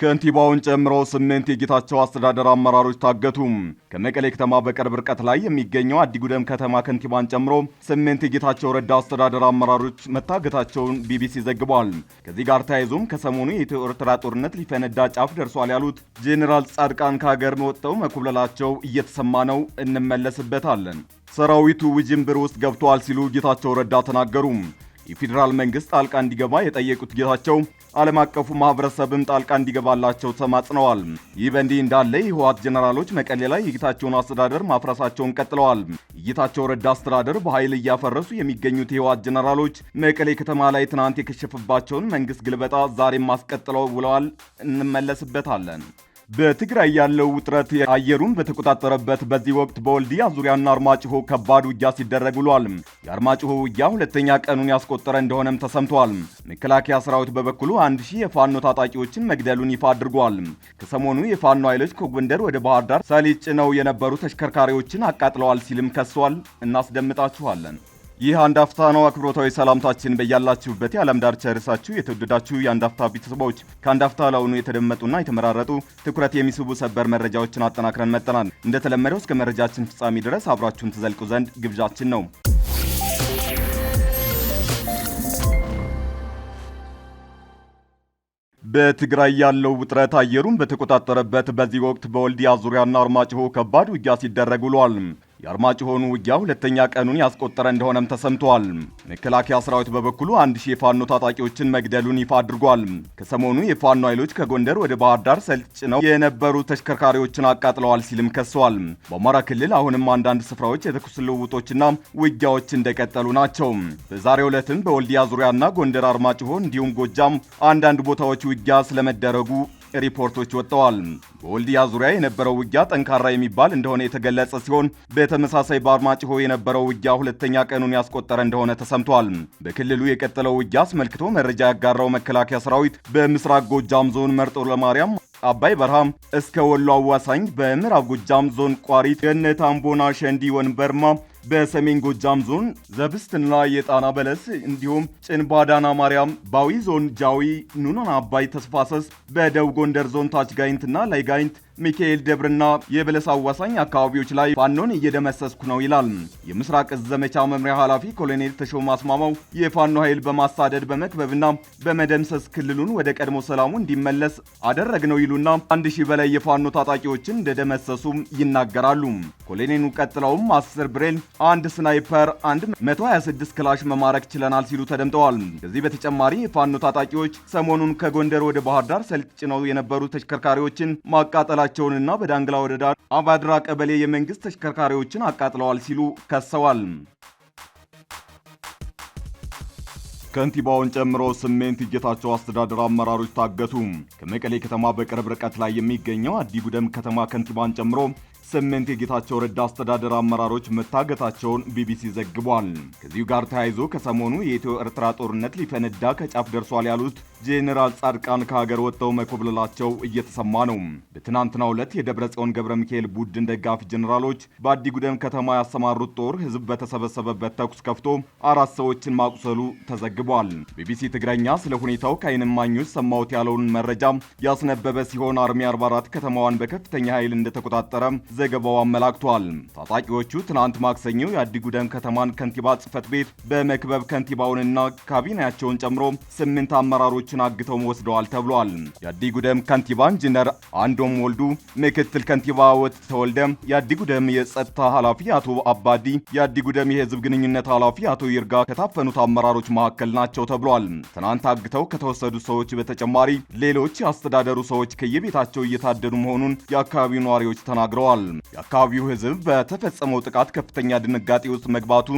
ከንቲባውን ጨምሮ ስምንት የጌታቸው አስተዳደር አመራሮች ታገቱ። ከመቀሌ ከተማ በቅርብ ርቀት ላይ የሚገኘው አዲጉደም ከተማ ከንቲባን ጨምሮ ስምንት የጌታቸው ረዳ አስተዳደር አመራሮች መታገታቸውን ቢቢሲ ዘግቧል። ከዚህ ጋር ተያይዞም ከሰሞኑ የኢትዮ ኤርትራ ጦርነት ሊፈነዳ ጫፍ ደርሷል ያሉት ጄኔራል ጻድቃን ከሀገር ወጥተው መኩብለላቸው እየተሰማ ነው። እንመለስበታለን። ሰራዊቱ ውጅንብር ውስጥ ገብተዋል ሲሉ ጌታቸው ረዳ ተናገሩ። የፌዴራል መንግስት ጣልቃ እንዲገባ የጠየቁት ጌታቸው ዓለም አቀፉ ማህበረሰብም ጣልቃ እንዲገባላቸው ተማጽነዋል። ይህ በእንዲህ እንዳለ የህወሓት ጀኔራሎች መቀሌ ላይ የጌታቸውን አስተዳደር ማፍረሳቸውን ቀጥለዋል። የጌታቸው ረዳ አስተዳደር በኃይል እያፈረሱ የሚገኙት የህወሓት ጀኔራሎች መቀሌ ከተማ ላይ ትናንት የከሸፈባቸውን መንግስት ግልበጣ ዛሬም አስቀጥለው ውለዋል። እንመለስበታለን። በትግራይ ያለው ውጥረት አየሩን በተቆጣጠረበት በዚህ ወቅት በወልዲያ ዙሪያና አርማጭሆ ከባድ ውጊያ ሲደረግ ውሏል። የአርማጭሆ ውጊያ ሁለተኛ ቀኑን ያስቆጠረ እንደሆነም ተሰምቷል። መከላከያ ሰራዊት በበኩሉ አንድ ሺህ የፋኖ ታጣቂዎችን መግደሉን ይፋ አድርጓል። ከሰሞኑ የፋኖ ኃይሎች ከጎንደር ወደ ባህር ዳር ሰሊጥ ጭነው የነበሩ ተሽከርካሪዎችን አቃጥለዋል ሲልም ከሷል። እናስደምጣችኋለን። ይህ አንዳፍታ አፍታ ነው። አክብሮታዊ ሰላምታችን በያላችሁበት የዓለም ዳርቻ ርሳችሁ የተወደዳችሁ የአንዳፍታ ቤተሰቦች ከአንዳፍታ አፍታ ለአሁኑ የተደመጡና የተመራረጡ ትኩረት የሚስቡ ሰበር መረጃዎችን አጠናክረን መጠናል። እንደተለመደው እስከ መረጃችን ፍጻሜ ድረስ አብራችሁን ትዘልቁ ዘንድ ግብዣችን ነው። በትግራይ ያለው ውጥረት አየሩን በተቆጣጠረበት በዚህ ወቅት በወልዲያ ዙሪያና አርማጭሆ ከባድ ውጊያ ሲደረግ ውሏል። ሆኑ ውጊያ ሁለተኛ ቀኑን ያስቆጠረ እንደሆነም ተሰምተዋል። መከላከያ ሰራዊት በበኩሉ አንድ ሺህ የፋኖ ታጣቂዎችን መግደሉን ይፋ አድርጓል። ከሰሞኑ የፋኖ ኃይሎች ከጎንደር ወደ ባህር ዳር ሰልጭነው የነበሩ ተሽከርካሪዎችን አቃጥለዋል ሲልም ከሰዋል። በአማራ ክልል አሁንም አንዳንድ ስፍራዎች የተኩስ ልውውጦችና ውጊያዎች እንደቀጠሉ ናቸው። በዛሬው ዕለትም በወልዲያ ዙሪያና ጎንደር አርማጭሆ እንዲሁም ጎጃም አንዳንድ ቦታዎች ውጊያ ስለመደረጉ ሪፖርቶች ወጥተዋል። በወልዲያ ዙሪያ የነበረው ውጊያ ጠንካራ የሚባል እንደሆነ የተገለጸ ሲሆን በተመሳሳይ በአርማጭሆ የነበረው ውጊያ ሁለተኛ ቀኑን ያስቆጠረ እንደሆነ ተሰምቷል። በክልሉ የቀጠለው ውጊያ አስመልክቶ መረጃ ያጋራው መከላከያ ሰራዊት በምስራቅ ጎጃም ዞን መርጦ ለማርያም አባይ በርሃም እስከ ወሎ አዋሳኝ በምዕራብ ጎጃም ዞን ቋሪት፣ ገነት፣ አምቦና፣ ሸንዲ፣ ወንበርማ በሰሜን ጎጃም ዞን ዘብስትና የጣና በለስ እንዲሁም ጭንባዳና ማርያም፣ ባዊ ዞን ጃዊ፣ ኑኖና አባይ፣ ተስፋሰስ፣ በደቡብ ጎንደር ዞን ታች ጋይንትና ላይ ጋይንት ሚካኤል ደብርና የበለስ አዋሳኝ አካባቢዎች ላይ ፋኖን እየደመሰስኩ ነው ይላል። የምስራቅ እዝ ዘመቻ መምሪያ ኃላፊ ኮሎኔል ተሾመ አስማማው የፋኖ ኃይል በማሳደድ በመክበብና በመደምሰስ ክልሉን ወደ ቀድሞ ሰላሙ እንዲመለስ አደረግ ነው ይሉና አንድ ሺህ በላይ የፋኖ ታጣቂዎችን እንደደመሰሱ ይናገራሉ። ኮሎኔሉ ቀጥለውም አስር ብሬን፣ አንድ ስናይፐር፣ አንድ 126 ክላሽ መማረክ ችለናል ሲሉ ተደምጠዋል። ከዚህ በተጨማሪ የፋኖ ታጣቂዎች ሰሞኑን ከጎንደር ወደ ባህር ዳር ሰልጭነው የነበሩ ተሽከርካሪዎችን ማቃጠላ መግደላቸውንና በዳንግላ ወረዳ አባድራ ቀበሌ የመንግስት ተሽከርካሪዎችን አቃጥለዋል ሲሉ ከሰዋል። ከንቲባውን ጨምሮ ስምንት እጀታቸው አስተዳደር አመራሮች ታገቱ። ከመቀሌ ከተማ በቅርብ ርቀት ላይ የሚገኘው አዲጉደም ከተማ ከንቲባን ጨምሮ ስምንት የጌታቸው ረዳ አስተዳደር አመራሮች መታገታቸውን ቢቢሲ ዘግቧል። ከዚሁ ጋር ተያይዞ ከሰሞኑ የኢትዮ ኤርትራ ጦርነት ሊፈነዳ ከጫፍ ደርሷል ያሉት ጄኔራል ጻድቃን ከሀገር ወጥተው መኮብለላቸው እየተሰማ ነው። በትናንትናው ዕለት የደብረ ጽዮን ገብረ ሚካኤል ቡድን ደጋፊ ጄኔራሎች በአዲጉደም ከተማ ያሰማሩት ጦር ህዝብ በተሰበሰበበት ተኩስ ከፍቶ አራት ሰዎችን ማቁሰሉ ተዘግቧል። ቢቢሲ ትግረኛ ስለ ሁኔታው ከዓይን እማኞች ሰማሁት ያለውን መረጃ ያስነበበ ሲሆን አርሚ 44 ከተማዋን በከፍተኛ ኃይል እንደተቆጣጠረ ዘገባው አመላክቷል። ታጣቂዎቹ ትናንት ማክሰኞ የአዲጉደን ከተማን ከንቲባ ጽህፈት ቤት በመክበብ ከንቲባውንና ካቢኔያቸውን ጨምሮ ስምንት አመራሮችን አግተው ወስደዋል ተብሏል። የአዲጉደም ከንቲባ ኢንጂነር አንዶም ወልዱ፣ ምክትል ከንቲባ ወት ተወልደ፣ የአዲጉደም የጸጥታ ኃላፊ አቶ አባዲ፣ የአዲጉደም የህዝብ ግንኙነት ኃላፊ አቶ ይርጋ ከታፈኑት አመራሮች መካከል ናቸው ተብሏል። ትናንት አግተው ከተወሰዱ ሰዎች በተጨማሪ ሌሎች የአስተዳደሩ ሰዎች ከየቤታቸው እየታደዱ መሆኑን የአካባቢው ነዋሪዎች ተናግረዋል። ተናግረዋል። የአካባቢው ህዝብ በተፈጸመው ጥቃት ከፍተኛ ድንጋጤ ውስጥ መግባቱ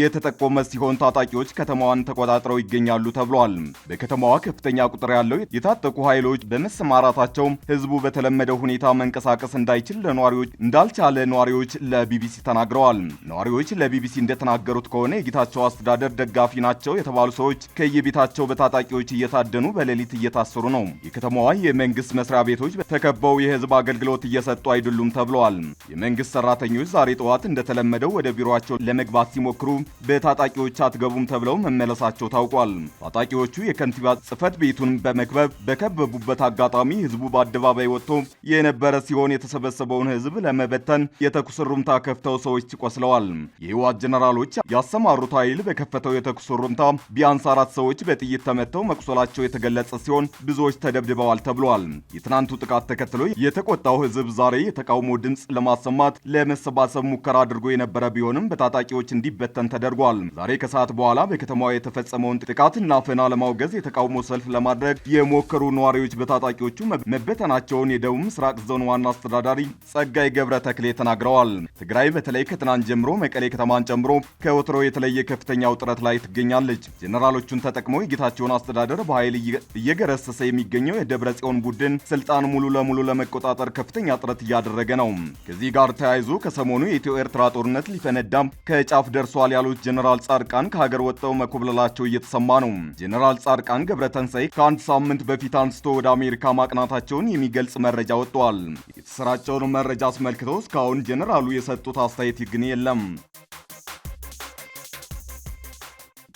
የተጠቆመ ሲሆን ታጣቂዎች ከተማዋን ተቆጣጥረው ይገኛሉ ተብሏል። በከተማዋ ከፍተኛ ቁጥር ያለው የታጠቁ ኃይሎች በመሰማራታቸው ህዝቡ በተለመደው ሁኔታ መንቀሳቀስ እንዳይችል ለነዋሪዎች እንዳልቻለ ነዋሪዎች ለቢቢሲ ተናግረዋል። ነዋሪዎች ለቢቢሲ እንደተናገሩት ከሆነ የጌታቸው አስተዳደር ደጋፊ ናቸው የተባሉ ሰዎች ከየቤታቸው በታጣቂዎች እየታደኑ በሌሊት እየታሰሩ ነው። የከተማዋ የመንግስት መስሪያ ቤቶች ተከበው የህዝብ አገልግሎት እየሰጡ አይደሉም ተብሏል። ተከፍለዋል። የመንግስት ሰራተኞች ዛሬ ጠዋት እንደተለመደው ወደ ቢሮቸው ለመግባት ሲሞክሩ በታጣቂዎች አትገቡም ተብለው መመለሳቸው ታውቋል። ታጣቂዎቹ የከንቲባ ጽህፈት ቤቱን በመክበብ በከበቡበት አጋጣሚ ህዝቡ በአደባባይ ወጥቶ የነበረ ሲሆን የተሰበሰበውን ህዝብ ለመበተን የተኩስ ሩምታ ከፍተው ሰዎች ቆስለዋል። የህወሓት ጀነራሎች ያሰማሩት ኃይል በከፈተው የተኩስ ሩምታ ቢያንስ አራት ሰዎች በጥይት ተመተው መቁሰላቸው የተገለጸ ሲሆን ብዙዎች ተደብድበዋል ተብሏል። የትናንቱ ጥቃት ተከትሎ የተቆጣው ህዝብ ዛሬ የተቃውሞ ድምፅ ለማሰማት ለመሰባሰብ ሙከራ አድርጎ የነበረ ቢሆንም በታጣቂዎች እንዲበተን ተደርጓል። ዛሬ ከሰዓት በኋላ በከተማዋ የተፈጸመውን ጥቃትና ፈና ለማውገዝ የተቃውሞ ሰልፍ ለማድረግ የሞከሩ ነዋሪዎች በታጣቂዎቹ መበተናቸውን የደቡብ ምስራቅ ዞን ዋና አስተዳዳሪ ጸጋይ ገብረ ተክሌ ተናግረዋል። ትግራይ በተለይ ከትናንት ጀምሮ መቀሌ ከተማን ጨምሮ ከወትሮ የተለየ ከፍተኛ ውጥረት ላይ ትገኛለች። ጀነራሎቹን ተጠቅመው የጌታቸውን አስተዳደር በኃይል እየገረሰሰ የሚገኘው የደብረ ጽዮን ቡድን ስልጣን ሙሉ ለሙሉ ለመቆጣጠር ከፍተኛ ጥረት እያደረገ ነው። ነው። ከዚህ ጋር ተያይዞ ከሰሞኑ የኢትዮ ኤርትራ ጦርነት ሊፈነዳም ከጫፍ ደርሷል ያሉት ጀኔራል ጻድቃን ከሀገር ወጥተው መኮብለላቸው እየተሰማ ነው። ጀኔራል ጻድቃን ገብረተንሳይ ከአንድ ሳምንት በፊት አንስቶ ወደ አሜሪካ ማቅናታቸውን የሚገልጽ መረጃ ወጥቷል። የተሰራጨውን መረጃ አስመልክተው እስካሁን ጀኔራሉ የሰጡት አስተያየት ግን የለም።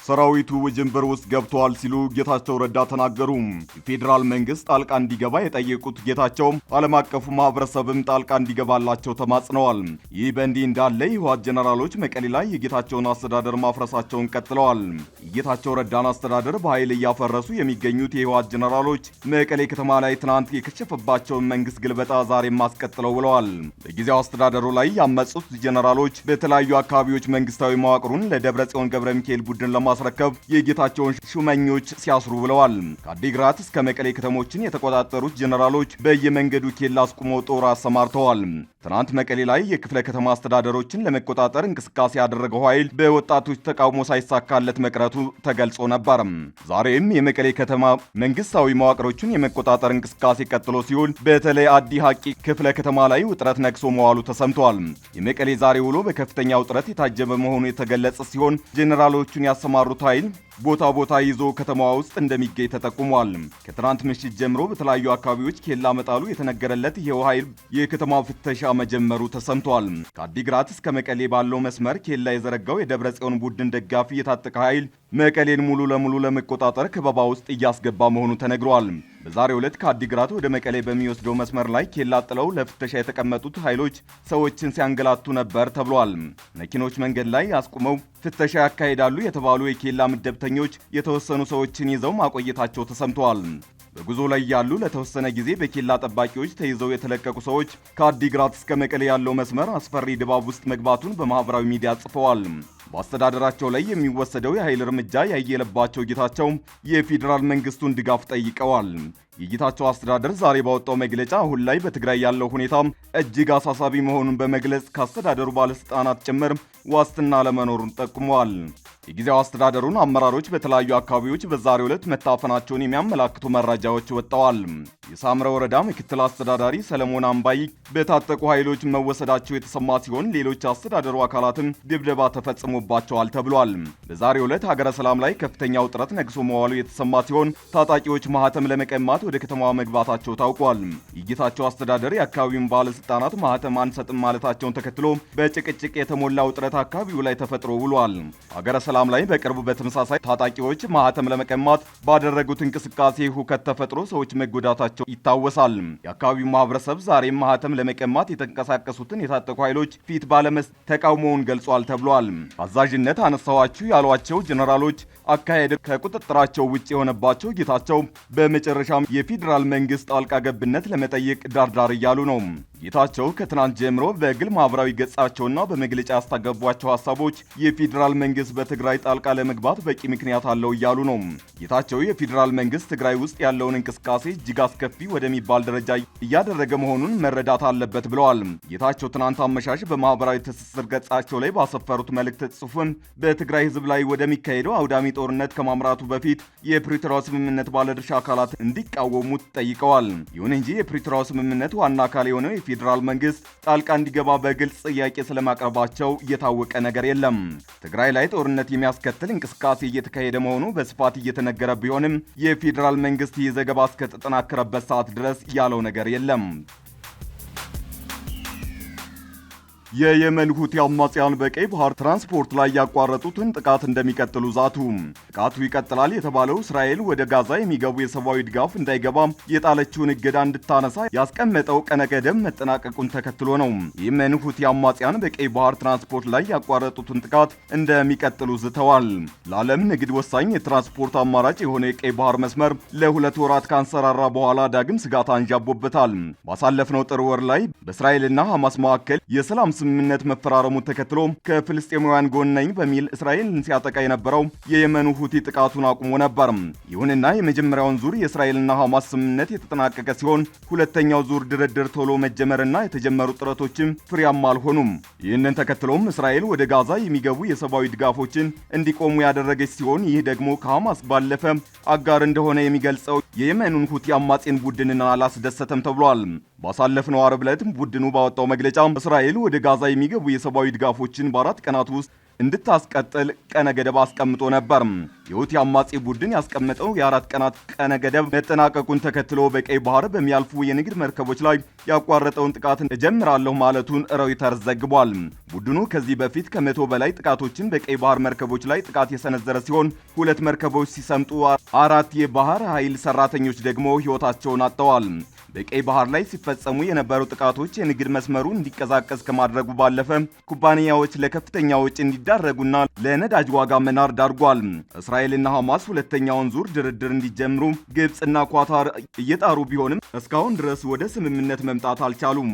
ሰራዊቱ ውጅንብር ውስጥ ገብተዋል ሲሉ ጌታቸው ረዳ ተናገሩ። የፌዴራል መንግስት ጣልቃ እንዲገባ የጠየቁት ጌታቸው ዓለም አቀፉ ማህበረሰብም ጣልቃ እንዲገባላቸው ተማጽነዋል። ይህ በእንዲህ እንዳለ የህወሓት ጀነራሎች መቀሌ ላይ የጌታቸውን አስተዳደር ማፍረሳቸውን ቀጥለዋል። የጌታቸው ረዳን አስተዳደር በኃይል እያፈረሱ የሚገኙት የህወሓት ጀነራሎች መቀሌ ከተማ ላይ ትናንት የከሸፈባቸውን መንግስት ግልበጣ ዛሬ ማስቀጥለው ብለዋል። በጊዜው አስተዳደሩ ላይ ያመጹት ጀነራሎች በተለያዩ አካባቢዎች መንግስታዊ መዋቅሩን ለደብረ ጽዮን ገብረ ሚካኤል ቡድን ለማ በማስረከብ የጌታቸውን ሹመኞች ሲያስሩ ብለዋል። ከአዲግራት እስከ መቀሌ ከተሞችን የተቆጣጠሩት ጀነራሎች በየመንገዱ ኬላ አስቁመው ጦር አሰማርተዋል። ትናንት መቀሌ ላይ የክፍለ ከተማ አስተዳደሮችን ለመቆጣጠር እንቅስቃሴ ያደረገው ኃይል በወጣቶች ተቃውሞ ሳይሳካለት መቅረቱ ተገልጾ ነበር። ዛሬም የመቀሌ ከተማ መንግስታዊ መዋቅሮችን የመቆጣጠር እንቅስቃሴ ቀጥሎ ሲሆን በተለይ አዲ ሀቂ ክፍለ ከተማ ላይ ውጥረት ነግሶ መዋሉ ተሰምቷል። የመቀሌ ዛሬ ውሎ በከፍተኛ ውጥረት የታጀበ መሆኑ የተገለጸ ሲሆን ጄኔራሎቹን ያሰማሩ Rutail. ቦታ ቦታ ይዞ ከተማዋ ውስጥ እንደሚገኝ ተጠቁሟል። ከትናንት ምሽት ጀምሮ በተለያዩ አካባቢዎች ኬላ መጣሉ የተነገረለት ይኸው ኃይል የከተማ ፍተሻ መጀመሩ ተሰምቷል። ከአዲግራት እስከ መቀሌ ባለው መስመር ኬላ የዘረጋው የደብረ ጽዮን ቡድን ደጋፊ የታጠቀ ኃይል መቀሌን ሙሉ ለሙሉ ለመቆጣጠር ከበባ ውስጥ እያስገባ መሆኑ ተነግሯል። በዛሬው ዕለት ከአዲግራት ወደ መቀሌ በሚወስደው መስመር ላይ ኬላ ጥለው ለፍተሻ የተቀመጡት ኃይሎች ሰዎችን ሲያንገላቱ ነበር ተብሏል። መኪኖች መንገድ ላይ አስቁመው ፍተሻ ያካሂዳሉ የተባሉ የኬላ ምደብ ። ሰራተኞች የተወሰኑ ሰዎችን ይዘው ማቆየታቸው ተሰምተዋል። በጉዞ ላይ ያሉ ለተወሰነ ጊዜ በኬላ ጠባቂዎች ተይዘው የተለቀቁ ሰዎች ከአዲግራት እስከ መቀሌ ያለው መስመር አስፈሪ ድባብ ውስጥ መግባቱን በማኅበራዊ ሚዲያ ጽፈዋል። በአስተዳደራቸው ላይ የሚወሰደው የኃይል እርምጃ ያየለባቸው ጌታቸው የፌዴራል መንግስቱን ድጋፍ ጠይቀዋል። የጌታቸው አስተዳደር ዛሬ ባወጣው መግለጫ አሁን ላይ በትግራይ ያለው ሁኔታ እጅግ አሳሳቢ መሆኑን በመግለጽ ከአስተዳደሩ ባለስልጣናት ጭምር ዋስትና ለመኖሩን ጠቁመዋል። የጊዜው አስተዳደሩን አመራሮች በተለያዩ አካባቢዎች በዛሬው ዕለት መታፈናቸውን የሚያመላክቱ መረጃዎች ወጥተዋል። የሳምረ ወረዳ ምክትል አስተዳዳሪ ሰለሞን አምባይ በታጠቁ ኃይሎች መወሰዳቸው የተሰማ ሲሆን ሌሎች አስተዳደሩ አካላትም ድብደባ ተፈጽሞባቸዋል ተብሏል። በዛሬው ዕለት ሀገረ ሰላም ላይ ከፍተኛ ውጥረት ነግሶ መዋሉ የተሰማ ሲሆን ታጣቂዎች ማህተም ለመቀማት ወደ ከተማዋ መግባታቸው ታውቋል። የጌታቸው አስተዳደር የአካባቢውን ባለስልጣናት ማህተም አንሰጥም ማለታቸውን ተከትሎ በጭቅጭቅ የተሞላ ውጥረት አካባቢው ላይ ተፈጥሮ ውሏል። ሀገረ ሰላም ላይ በቅርቡ በተመሳሳይ ታጣቂዎች ማህተም ለመቀማት ባደረጉት እንቅስቃሴ ሁከት ተፈጥሮ ሰዎች መጎዳታቸው ይታወሳል። የአካባቢው ማህበረሰብ ዛሬም ማህተም ለመቀማት የተንቀሳቀሱትን የታጠቁ ኃይሎች ፊት ባለመስ ተቃውሞውን ገልጿል ተብሏል። አዛዥነት አነሳኋችሁ ያሏቸው ጀነራሎች አካሄድ ከቁጥጥራቸው ውጭ የሆነባቸው ጌታቸው በመጨረሻም የፌዴራል መንግስት ጣልቃ ገብነት ለመጠየቅ ዳርዳር እያሉ ነው። ጌታቸው ከትናንት ጀምሮ በግል ማህበራዊ ገጻቸውና በመግለጫ ያስታገቧቸው ሀሳቦች የፌዴራል መንግስት በትግራይ ጣልቃ ለመግባት በቂ ምክንያት አለው እያሉ ነው። ጌታቸው የፌዴራል መንግስት ትግራይ ውስጥ ያለውን እንቅስቃሴ እጅግ አስከፊ ወደሚባል ደረጃ እያደረገ መሆኑን መረዳት አለበት ብለዋል። ጌታቸው ትናንት አመሻሽ በማህበራዊ ትስስር ገጻቸው ላይ ባሰፈሩት መልእክት ጽሑፍም በትግራይ ህዝብ ላይ ወደሚካሄደው አውዳሚ ጦርነት ከማምራቱ በፊት የፕሪቶሪያው ስምምነት ባለድርሻ አካላት እንዲቃወሙት ጠይቀዋል። ይሁን እንጂ የፕሪቶሪያው ስምምነት ዋና አካል የሆነው ፌዴራል መንግስት ጣልቃ እንዲገባ በግልጽ ጥያቄ ስለማቅረባቸው የታወቀ ነገር የለም። ትግራይ ላይ ጦርነት የሚያስከትል እንቅስቃሴ እየተካሄደ መሆኑ በስፋት እየተነገረ ቢሆንም የፌዴራል መንግስት ይህ ዘገባ እስከተጠናከረበት ሰዓት ድረስ ያለው ነገር የለም። የየመን ሁቲ አማጽያን በቀይ ባህር ትራንስፖርት ላይ ያቋረጡትን ጥቃት እንደሚቀጥሉ ዛቱ። ጥቃቱ ይቀጥላል የተባለው እስራኤል ወደ ጋዛ የሚገቡ የሰብአዊ ድጋፍ እንዳይገባም የጣለችውን እገዳ እንድታነሳ ያስቀመጠው ቀነ ገደብ መጠናቀቁን ተከትሎ ነው። የየመን ሁቲ አማጽያን በቀይ ባህር ትራንስፖርት ላይ ያቋረጡትን ጥቃት እንደሚቀጥሉ ዝተዋል። ለዓለም ንግድ ወሳኝ የትራንስፖርት አማራጭ የሆነ የቀይ ባህር መስመር ለሁለት ወራት ካንሰራራ በኋላ ዳግም ስጋት አንዣቦበታል። ባሳለፍነው ጥር ወር ላይ በእስራኤልና ሐማስ መካከል የሰላም ስምምነት መፈራረሙ ተከትሎ ከፍልስጤማውያን ጎን ነኝ በሚል እስራኤልን ሲያጠቃ የነበረው የየመኑ ሁቲ ጥቃቱን አቁሞ ነበር። ይሁንና የመጀመሪያውን ዙር የእስራኤልና ሐማስ ስምምነት የተጠናቀቀ ሲሆን ሁለተኛው ዙር ድርድር ቶሎ መጀመርና የተጀመሩ ጥረቶችም ፍሬያማ አልሆኑም። ይህንን ተከትሎም እስራኤል ወደ ጋዛ የሚገቡ የሰብአዊ ድጋፎችን እንዲቆሙ ያደረገች ሲሆን ይህ ደግሞ ከሐማስ ባለፈ አጋር እንደሆነ የሚገልጸው የየመኑን ሁቲ አማጼን ቡድንን አላስደሰተም ተብሏል። ባሳለፍነው አርብ ዕለት ቡድኑ ባወጣው መግለጫ እስራኤል ወደ ጋዛ የሚገቡ የሰብአዊ ድጋፎችን በአራት ቀናት ውስጥ እንድታስቀጥል ቀነ ገደብ አስቀምጦ ነበር። የሁቲ አማጺ ቡድን ያስቀመጠው የአራት ቀናት ቀነ ገደብ መጠናቀቁን ተከትሎ በቀይ ባህር በሚያልፉ የንግድ መርከቦች ላይ ያቋረጠውን ጥቃት እጀምራለሁ ማለቱን ሮይተርስ ዘግቧል። ቡድኑ ከዚህ በፊት ከመቶ በላይ ጥቃቶችን በቀይ ባህር መርከቦች ላይ ጥቃት የሰነዘረ ሲሆን ሁለት መርከቦች ሲሰምጡ፣ አራት የባህር ኃይል ሰራተኞች ደግሞ ሕይወታቸውን አጥተዋል። በቀይ ባህር ላይ ሲፈጸሙ የነበሩ ጥቃቶች የንግድ መስመሩ እንዲቀዛቀዝ ከማድረጉ ባለፈ ኩባንያዎች ለከፍተኛ ወጪ እንዲዳረጉና ለነዳጅ ዋጋ መናር ዳርጓል። እስራኤልና ሐማስ ሁለተኛውን ዙር ድርድር እንዲጀምሩ ግብፅና ኳታር እየጣሩ ቢሆንም እስካሁን ድረስ ወደ ስምምነት መምጣት አልቻሉም።